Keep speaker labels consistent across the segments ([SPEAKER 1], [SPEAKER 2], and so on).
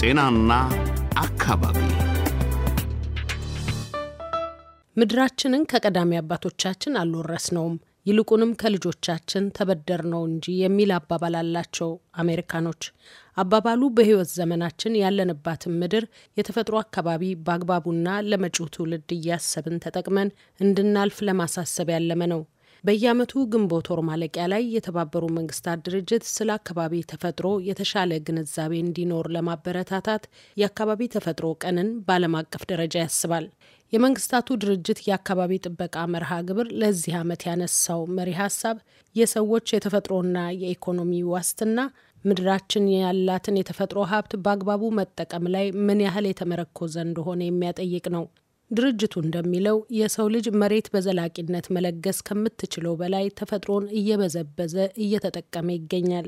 [SPEAKER 1] ጤናና አካባቢ ምድራችንን ከቀዳሚ አባቶቻችን አልወረስነውም፣ ይልቁንም ከልጆቻችን ተበደር ነው እንጂ የሚል አባባል አላቸው አሜሪካኖች። አባባሉ በህይወት ዘመናችን ያለንባትን ምድር፣ የተፈጥሮ አካባቢ በአግባቡና ለመጪው ትውልድ እያሰብን ተጠቅመን እንድናልፍ ለማሳሰብ ያለመ ነው። በየዓመቱ ግንቦት ወር ማለቂያ ላይ የተባበሩ መንግስታት ድርጅት ስለ አካባቢ ተፈጥሮ የተሻለ ግንዛቤ እንዲኖር ለማበረታታት የአካባቢ ተፈጥሮ ቀንን በዓለም አቀፍ ደረጃ ያስባል። የመንግስታቱ ድርጅት የአካባቢ ጥበቃ መርሃ ግብር ለዚህ ዓመት ያነሳው መሪ ሀሳብ የሰዎች የተፈጥሮና የኢኮኖሚ ዋስትና ምድራችን ያላትን የተፈጥሮ ሀብት በአግባቡ መጠቀም ላይ ምን ያህል የተመረኮዘ እንደሆነ የሚያጠይቅ ነው። ድርጅቱ እንደሚለው የሰው ልጅ መሬት በዘላቂነት መለገስ ከምትችለው በላይ ተፈጥሮን እየበዘበዘ እየተጠቀመ ይገኛል።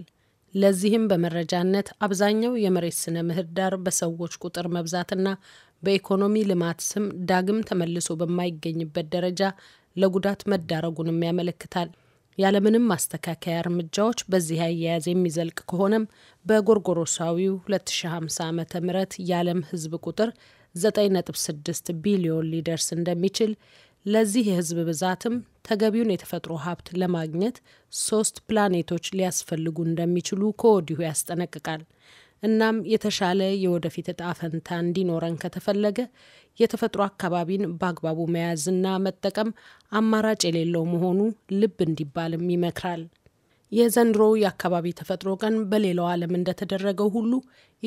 [SPEAKER 1] ለዚህም በመረጃነት አብዛኛው የመሬት ስነ ምህዳር በሰዎች ቁጥር መብዛትና በኢኮኖሚ ልማት ስም ዳግም ተመልሶ በማይገኝበት ደረጃ ለጉዳት መዳረጉንም ያመለክታል። ያለምንም ማስተካከያ እርምጃዎች በዚህ አያያዝ የሚዘልቅ ከሆነም በጎርጎሮሳዊው 2050 ዓ ም የዓለም ሕዝብ ቁጥር 9.6 ቢሊዮን ሊደርስ እንደሚችል ለዚህ የህዝብ ብዛትም ተገቢውን የተፈጥሮ ሀብት ለማግኘት ሶስት ፕላኔቶች ሊያስፈልጉ እንደሚችሉ ከወዲሁ ያስጠነቅቃል። እናም የተሻለ የወደፊት እጣ ፈንታ እንዲኖረን ከተፈለገ የተፈጥሮ አካባቢን በአግባቡ መያዝና መጠቀም አማራጭ የሌለው መሆኑ ልብ እንዲባልም ይመክራል። የዘንድሮ የአካባቢ ተፈጥሮ ቀን በሌላው ዓለም እንደተደረገው ሁሉ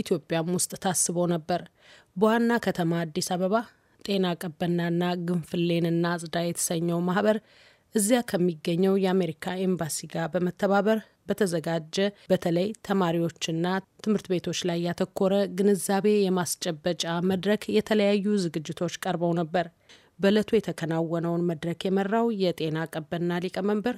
[SPEAKER 1] ኢትዮጵያም ውስጥ ታስቦ ነበር። በዋና ከተማ አዲስ አበባ ጤና ቀበናና ግንፍሌንና ጽዳ የተሰኘው ማህበር እዚያ ከሚገኘው የአሜሪካ ኤምባሲ ጋር በመተባበር በተዘጋጀ በተለይ ተማሪዎችና ትምህርት ቤቶች ላይ ያተኮረ ግንዛቤ የማስጨበጫ መድረክ የተለያዩ ዝግጅቶች ቀርበው ነበር። በእለቱ የተከናወነውን መድረክ የመራው የጤና ቀበና ሊቀመንበር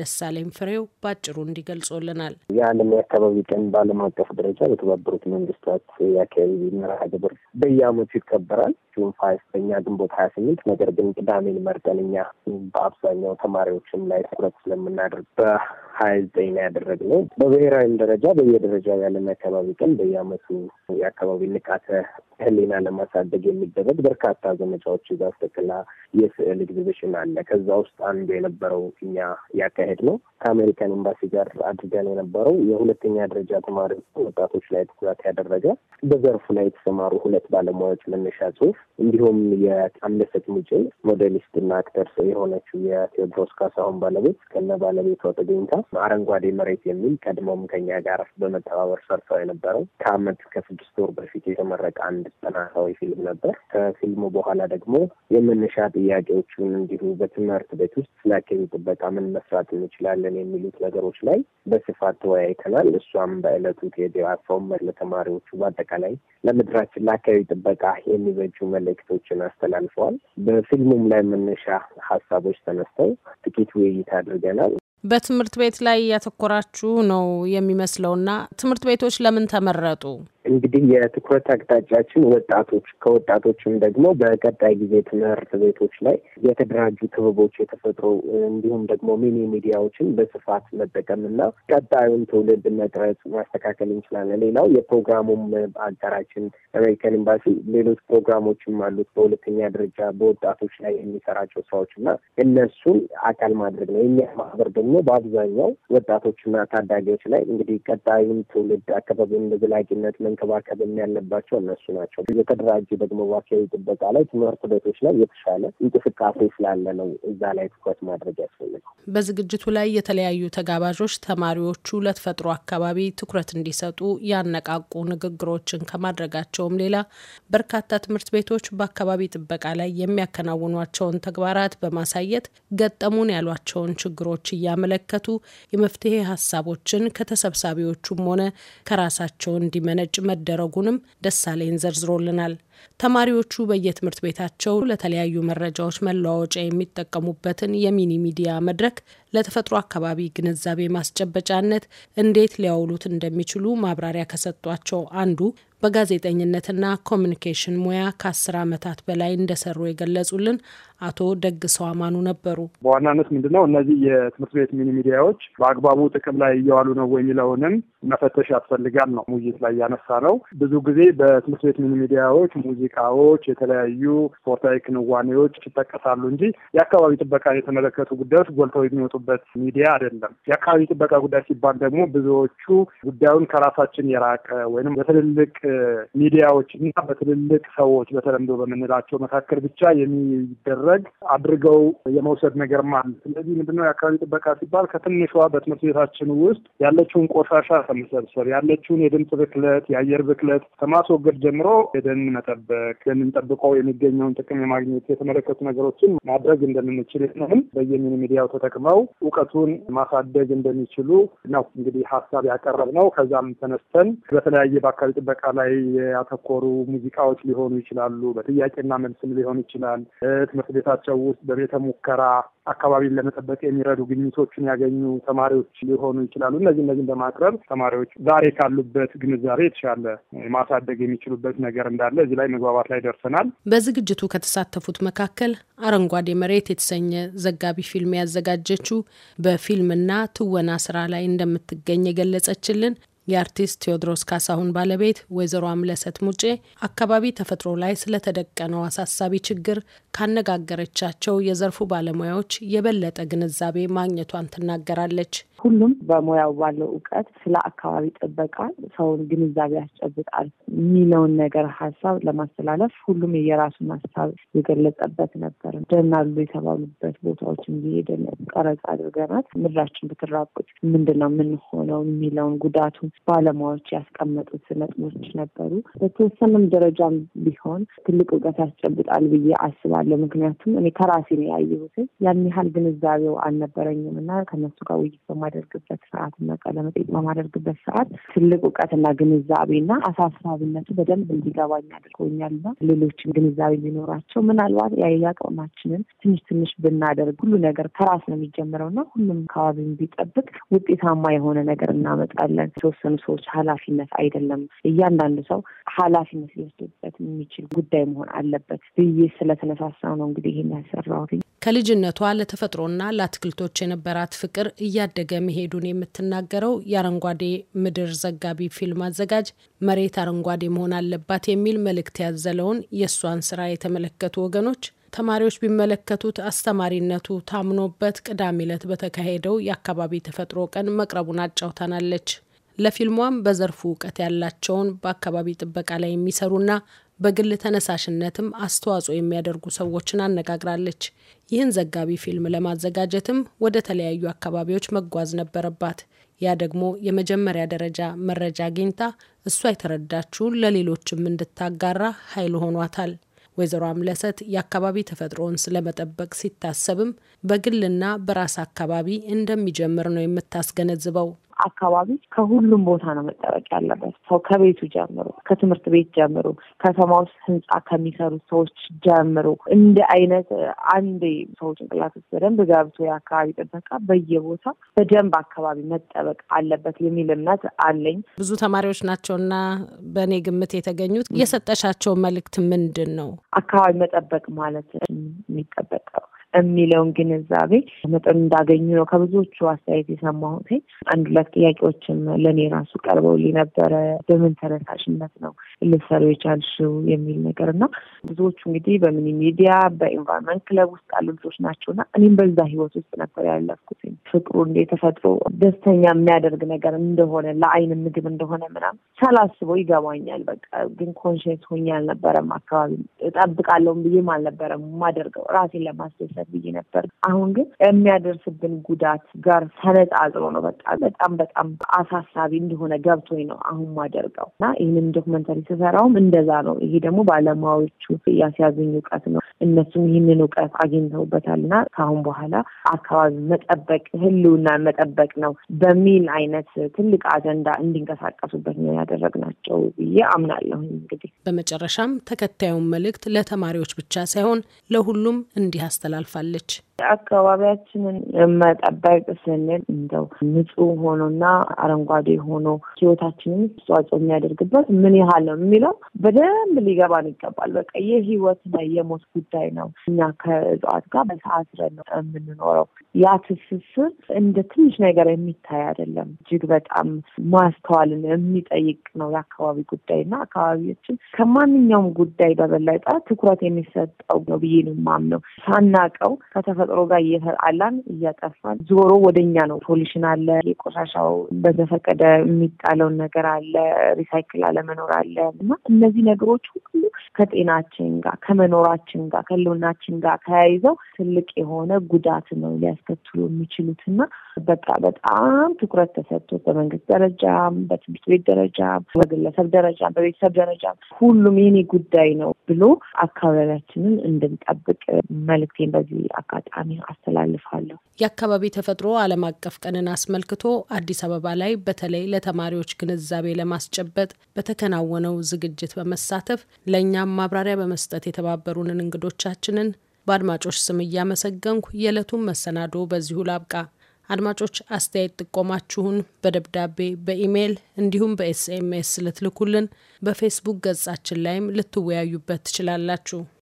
[SPEAKER 1] ደሳለኝ ፍሬው ባጭሩ እንዲገልጾልናል።
[SPEAKER 2] የዓለም የአካባቢ ቀን በዓለም አቀፍ ደረጃ በተባበሩት መንግስታት የአካባቢ መርሃ ግብር በየአመቱ ይከበራል። ጁን ፋይቭ በእኛ ግንቦት ሀያ ስምንት ነገር ግን ቅዳሜን መርጠን እኛ በአብዛኛው ተማሪዎችም ላይ ትኩረት ስለምናደርግ ሀያ ዘጠኝ ነው ያደረግነው። በብሔራዊም ደረጃ በየደረጃው ያለን አካባቢ ቀን በየአመቱ የአካባቢ ንቃተ ህሊና ለማሳደግ የሚደረግ በርካታ ዘመቻዎች ዛፍ ተክላ የስዕል ኤግዚቢሽን አለ። ከዛ ውስጥ አንዱ የነበረው እኛ ያካሄድ ነው ከአሜሪካን ኤምባሲ ጋር አድርገን የነበረው የሁለተኛ ደረጃ ተማሪ ወጣቶች ላይ ትኩረት ያደረገ በዘርፉ ላይ የተሰማሩ ሁለት ባለሙያዎች መነሻ ጽሁፍ እንዲሁም የአምለሰት ሙጬ ሞዴሊስት እና አክተር የሆነችው የቴዎድሮስ ካሳሁን ባለቤት ከነ ባለቤቷ ተገኝታ አረንጓዴ መሬት የሚል ቀድሞም ከኛ ጋር በመተባበር ሰርተው የነበረው ከአመት ከስድስት ወር በፊት የተመረቀ አንድ ጥናታዊ ፊልም ነበር። ከፊልሙ በኋላ ደግሞ የመነሻ ጥያቄዎቹን እንዲሁ በትምህርት ቤት ውስጥ ስለ አካባቢ ጥበቃ ምን መስራት እንችላለን የሚሉት ነገሮች ላይ በስፋት ተወያይተናል። እሷም በእለቱ ቴዲ ለተማሪዎቹ በአጠቃላይ ለምድራችን ለአካባቢ ጥበቃ የሚበጁ መልእክቶችን አስተላልፈዋል። በፊልሙም ላይ መነሻ ሀሳቦች ተነስተው ጥቂት ውይይት አድርገናል።
[SPEAKER 1] በትምህርት ቤት ላይ እያተኮራችሁ ነው የሚመስለውና ትምህርት ቤቶች ለምን ተመረጡ?
[SPEAKER 2] እንግዲህ የትኩረት አቅጣጫችን ወጣቶች፣ ከወጣቶችም ደግሞ በቀጣይ ጊዜ ትምህርት ቤቶች ላይ የተደራጁ ክበቦች፣ የተፈጥሮ እንዲሁም ደግሞ ሚኒ ሚዲያዎችን በስፋት መጠቀምና ቀጣዩን ትውልድ መቅረጽ ማስተካከል እንችላለን። ሌላው የፕሮግራሙም አጋራችን አሜሪካን ኤምባሲ ሌሎች ፕሮግራሞችም አሉት። በሁለተኛ ደረጃ በወጣቶች ላይ የሚሰራቸው ስራዎች እና እነሱን አካል ማድረግ ነው። የኛ ማህበር ደግሞ በአብዛኛው ወጣቶችና ታዳጊዎች ላይ እንግዲህ ቀጣዩን ትውልድ አካባቢውን በዘላቂነት መን መንከባከብም ያለባቸው እነሱ ናቸው። የተደራጀ ደግሞ ዋካዊ ጥበቃ ላይ ትምህርት ቤቶች ላይ የተሻለ እንቅስቃሴ ስላለ ነው እዛ ላይ ትኩረት ማድረግ ያስፈልጋል።
[SPEAKER 1] በዝግጅቱ ላይ የተለያዩ ተጋባዦች ተማሪዎቹ ለተፈጥሮ አካባቢ ትኩረት እንዲሰጡ ያነቃቁ ንግግሮችን ከማድረጋቸውም ሌላ በርካታ ትምህርት ቤቶች በአካባቢ ጥበቃ ላይ የሚያከናውኗቸውን ተግባራት በማሳየት ገጠሙን ያሏቸውን ችግሮች እያመለከቱ የመፍትሄ ሀሳቦችን ከተሰብሳቢዎቹም ሆነ ከራሳቸው እንዲመነጭ መደረጉንም ደሳለኝ ዘርዝሮልናል። ተማሪዎቹ በየትምህርት ቤታቸው ለተለያዩ መረጃዎች መለዋወጫ የሚጠቀሙበትን የሚኒ ሚዲያ መድረክ ለተፈጥሮ አካባቢ ግንዛቤ ማስጨበጫነት እንዴት ሊያውሉት እንደሚችሉ ማብራሪያ ከሰጧቸው አንዱ በጋዜጠኝነትና ኮሚኒኬሽን ሙያ ከአስር ዓመታት በላይ እንደሰሩ የገለጹልን አቶ ደግሰው አማኑ ነበሩ።
[SPEAKER 3] በዋናነት ምንድነው እነዚህ የትምህርት ቤት ሚኒ ሚዲያዎች በአግባቡ ጥቅም ላይ እየዋሉ ነው የሚለውንም መፈተሽ ያስፈልጋል ነው ሙይት ላይ ያነሳ ነው። ብዙ ጊዜ በትምህርት ቤት ሚኒ ሚዲያዎች ሙዚቃዎች፣ የተለያዩ ስፖርታዊ ክንዋኔዎች ይጠቀሳሉ እንጂ የአካባቢ ጥበቃ የተመለከቱ ጉዳዮች ጎልተው የሚወጡበት ሚዲያ አይደለም። የአካባቢ ጥበቃ ጉዳይ ሲባል ደግሞ ብዙዎቹ ጉዳዩን ከራሳችን የራቀ ወይም በትልልቅ ሚዲያዎች እና በትልልቅ ሰዎች በተለምዶ በምንላቸው መካከል ብቻ የሚደረግ አድርገው የመውሰድ ነገር አለ። ስለዚህ ምንድነው የአካባቢ ጥበቃ ሲባል ከትንሿ በትምህርት ቤታችን ውስጥ ያለችውን ቆሻሻ ከመሰብሰብ ያለችውን የድምፅ ብክለት፣ የአየር ብክለት ከማስወገድ ጀምሮ የደን መጠበቅ የምንጠብቀው የሚገኘውን ጥቅም የማግኘት የተመለከቱ ነገሮችን ማድረግ እንደምንችል ምንም በየሚኒ ሚዲያው ተጠቅመው እውቀቱን ማሳደግ እንደሚችሉ ነው እንግዲህ ሀሳብ ያቀረብ ነው። ከዛም ተነስተን በተለያየ በአካባቢ ጥበቃ ላይ ያተኮሩ ሙዚቃዎች ሊሆኑ ይችላሉ። በጥያቄና መልስም ሊሆን ይችላል። ትምህርት ቤታቸው ውስጥ በቤተ ሙከራ አካባቢን ለመጠበቅ የሚረዱ ግኝቶችን ያገኙ ተማሪዎች ሊሆኑ ይችላሉ። እነዚህ እነዚህን በማቅረብ ተማሪዎች ዛሬ ካሉበት ግንዛቤ የተሻለ ማሳደግ የሚችሉበት ነገር እንዳለ እዚህ ላይ መግባባት ላይ ደርሰናል።
[SPEAKER 1] በዝግጅቱ ከተሳተፉት መካከል አረንጓዴ መሬት የተሰኘ ዘጋቢ ፊልም ያዘጋጀችው በፊልምና ትወና ስራ ላይ እንደምትገኝ የገለጸችልን የአርቲስት ቴዎድሮስ ካሳሁን ባለቤት ወይዘሮ አምለሰት ሙጬ አካባቢ ተፈጥሮ ላይ ስለተደቀነው አሳሳቢ ችግር ካነጋገረቻቸው የዘርፉ ባለሙያዎች የበለጠ ግንዛቤ ማግኘቷን ትናገራለች። ሁሉም በሙያው ባለው እውቀት ስለ አካባቢ ጥበቃ ሰውን ግንዛቤ ያስጨብጣል
[SPEAKER 4] የሚለውን ነገር ሀሳብ ለማስተላለፍ ሁሉም የየራሱን ሀሳብ የገለጸበት ነበር። ደን አሉ የተባሉበት ቦታዎች እንዲሄድን ቀረጽ አድርገናት ምድራችን ብትራቁት ምንድን ነው የምንሆነው የሚለውን ጉዳቱ ባለሙያዎች ያስቀመጡት ነጥቦች ነበሩ። በተወሰነም ደረጃም ቢሆን ትልቅ እውቀት ያስጨብጣል ብዬ አስባለሁ። ምክንያቱም እኔ ከራሴ ነው ያየሁትን ያን ያህል ግንዛቤው አልነበረኝም እና ከነሱ ጋር ውይይት በማ በማደርግበት ሰዓት እና ቃለመጠይቅ በማደርግበት ሰዓት ትልቅ እውቀትና ና አሳሳቢነቱ በደንብ እንዲገባኝ አድርጎኛልና ሌሎች ግንዛቤ ቢኖራቸው ምናልባት የአቅማችንን ትንሽ ትንሽ ብናደርግ ሁሉ ነገር ከራስ ነው የሚጀምረውና ሁሉም አካባቢን ቢጠብቅ ውጤታማ የሆነ ነገር እናመጣለን። የተወሰኑ ሰዎች ኃላፊነት አይደለም እያንዳንዱ ሰው ኃላፊነት ሊወስድበት የሚችል ጉዳይ መሆን አለበት ብዬ ስለተነሳሳ ነው እንግዲህ ይህን ያሰራሁት።
[SPEAKER 1] ከልጅነቷ ለተፈጥሮና ለአትክልቶች የነበራት ፍቅር እያደገ መሄዱን የምትናገረው የአረንጓዴ ምድር ዘጋቢ ፊልም አዘጋጅ መሬት አረንጓዴ መሆን አለባት የሚል መልእክት ያዘለውን የእሷን ስራ የተመለከቱ ወገኖች ተማሪዎች ቢመለከቱት አስተማሪነቱ ታምኖበት ቅዳሜ ዕለት በተካሄደው የአካባቢ ተፈጥሮ ቀን መቅረቡን አጫውታናለች። ለፊልሟም በዘርፉ እውቀት ያላቸውን በአካባቢ ጥበቃ ላይ የሚሰሩና በግል ተነሳሽነትም አስተዋጽኦ የሚያደርጉ ሰዎችን አነጋግራለች። ይህን ዘጋቢ ፊልም ለማዘጋጀትም ወደ ተለያዩ አካባቢዎች መጓዝ ነበረባት። ያ ደግሞ የመጀመሪያ ደረጃ መረጃ አግኝታ እሷ የተረዳችውን ለሌሎችም እንድታጋራ ኃይል ሆኗታል። ወይዘሮ አምለሰት የአካባቢ ተፈጥሮን ስለመጠበቅ ሲታሰብም በግልና በራስ አካባቢ እንደሚጀምር ነው የምታስገነዝበው። አካባቢ ከሁሉም ቦታ ነው መጠበቅ ያለበት። ሰው ከቤቱ
[SPEAKER 4] ጀምሮ፣ ከትምህርት ቤት ጀምሮ፣ ከተማ ውስጥ ህንፃ ከሚሰሩት ሰዎች ጀምሮ እንደ አይነት አንዴ ሰው ጭንቅላት ውስጥ በደንብ ገብቶ የአካባቢ ጥበቃ በየቦታ በደንብ አካባቢ መጠበቅ አለበት
[SPEAKER 1] የሚል እምነት አለኝ። ብዙ ተማሪዎች ናቸውና በእኔ ግምት የተገኙት የሰጠሻቸው መልእክት ምንድን ነው? አካባቢ መጠበቅ ማለት
[SPEAKER 4] የሚጠበቀው የሚለውን ግንዛቤ መጠን እንዳገኙ ነው ከብዙዎቹ አስተያየት የሰማሁት። አንድ ሁለት ጥያቄዎችም ለእኔ ራሱ ቀርበውልኝ ነበረ። በምን ተነሳሽነት ነው ልትሰሪው የቻልሽው የሚል ነገር እና ብዙዎቹ እንግዲህ በሚኒ ሚዲያ በኢንቫይሮንመንት ክለብ ውስጥ ያሉ ልጆች ናቸው እና እኔም በዛ ህይወት ውስጥ ነበር ያለፍኩት። ፍቅሩ እንደ ተፈጥሮ ደስተኛ የሚያደርግ ነገር እንደሆነ ለአይን ምግብ እንደሆነ ምናምን ሳላስበው ይገባኛል። በቃ ግን ኮንሽንስ ሆኜ አልነበረም። አካባቢ እጠብቃለሁም ብዬም አልነበረም ማደርገው ራሴን ለማስደሰት ነበር ብዬ ነበር። አሁን ግን የሚያደርስብን ጉዳት ጋር ተነጻጽሮ ነው በቃ በጣም በጣም አሳሳቢ እንደሆነ ገብቶኝ ነው አሁን ማደርገው እና ይህንን ዶክመንተሪ ስሰራውም እንደዛ ነው። ይሄ ደግሞ ባለሙያዎቹ ያስያዙኝ እውቀት ነው። እነሱም ይህንን እውቀት አግኝተውበታል እና ከአሁን በኋላ አካባቢ መጠበቅ ህልውና መጠበቅ ነው በሚል አይነት ትልቅ አጀንዳ እንዲንቀሳቀሱበት ነው ያደረግናቸው ብዬ
[SPEAKER 1] አምናለሁ። እንግዲህ በመጨረሻም ተከታዩን መልእክት ለተማሪዎች ብቻ ሳይሆን ለሁሉም እንዲህ አስተላልፋለች።
[SPEAKER 4] አካባቢያችንን መጠበቅ ስንል እንደው ንጹህ ሆኖና አረንጓዴ ሆኖ ህይወታችንን አስተዋጽኦ የሚያደርግበት ምን ያህል ነው የሚለው በደንብ ሊገባን ይገባል። በቃ የህይወትና የሞት ጉዳይ ነው። እኛ ከእጽዋት ጋር በተሳስረን ነው የምንኖረው። ያ ትስስር እንደ ትንሽ ነገር የሚታይ አይደለም። እጅግ በጣም ማስተዋልን የሚጠይቅ ነው የአካባቢ ጉዳይ እና አካባቢዎችን ከማንኛውም ጉዳይ በበለጠ ትኩረት የሚሰጠው ነው ብዬ ነው የማምነው ሳናቀው ከተፈ ከተፈጥሮ ጋር እየተጣላን እያጠፋን ዞሮ ወደኛ ነው። ፖሊሽን አለ፣ የቆሻሻው በዘፈቀደ የሚጣለውን ነገር አለ፣ ሪሳይክል አለመኖር አለ እና እነዚህ ነገሮች ሁሉ ከጤናችን ጋር ከመኖራችን ጋር ከህልውናችን ጋር ተያይዘው ትልቅ የሆነ ጉዳት ነው ሊያስከትሉ የሚችሉት እና በቃ በጣም ትኩረት ተሰጥቶት በመንግስት ደረጃም፣ በትምህርት ቤት ደረጃም፣ በግለሰብ ደረጃም፣ በቤተሰብ ደረጃም ሁሉም የኔ ጉዳይ ነው ብሎ አካባቢያችንን እንድንጠብቅ መልእክቴን በዚህ አጋጣሚ አስተላልፋለሁ።
[SPEAKER 1] የአካባቢ ተፈጥሮ ዓለም አቀፍ ቀንን አስመልክቶ አዲስ አበባ ላይ በተለይ ለተማሪዎች ግንዛቤ ለማስጨበጥ በተከናወነው ዝግጅት በመሳተፍ ለእኛም ማብራሪያ በመስጠት የተባበሩንን እንግዶቻችንን በአድማጮች ስም እያመሰገንኩ የዕለቱን መሰናዶ በዚሁ ላብቃ። አድማጮች አስተያየት ጥቆማችሁን በደብዳቤ በኢሜይል እንዲሁም በኤስኤምኤስ ልትልኩልን፣ በፌስቡክ ገጻችን ላይም ልትወያዩበት ትችላላችሁ።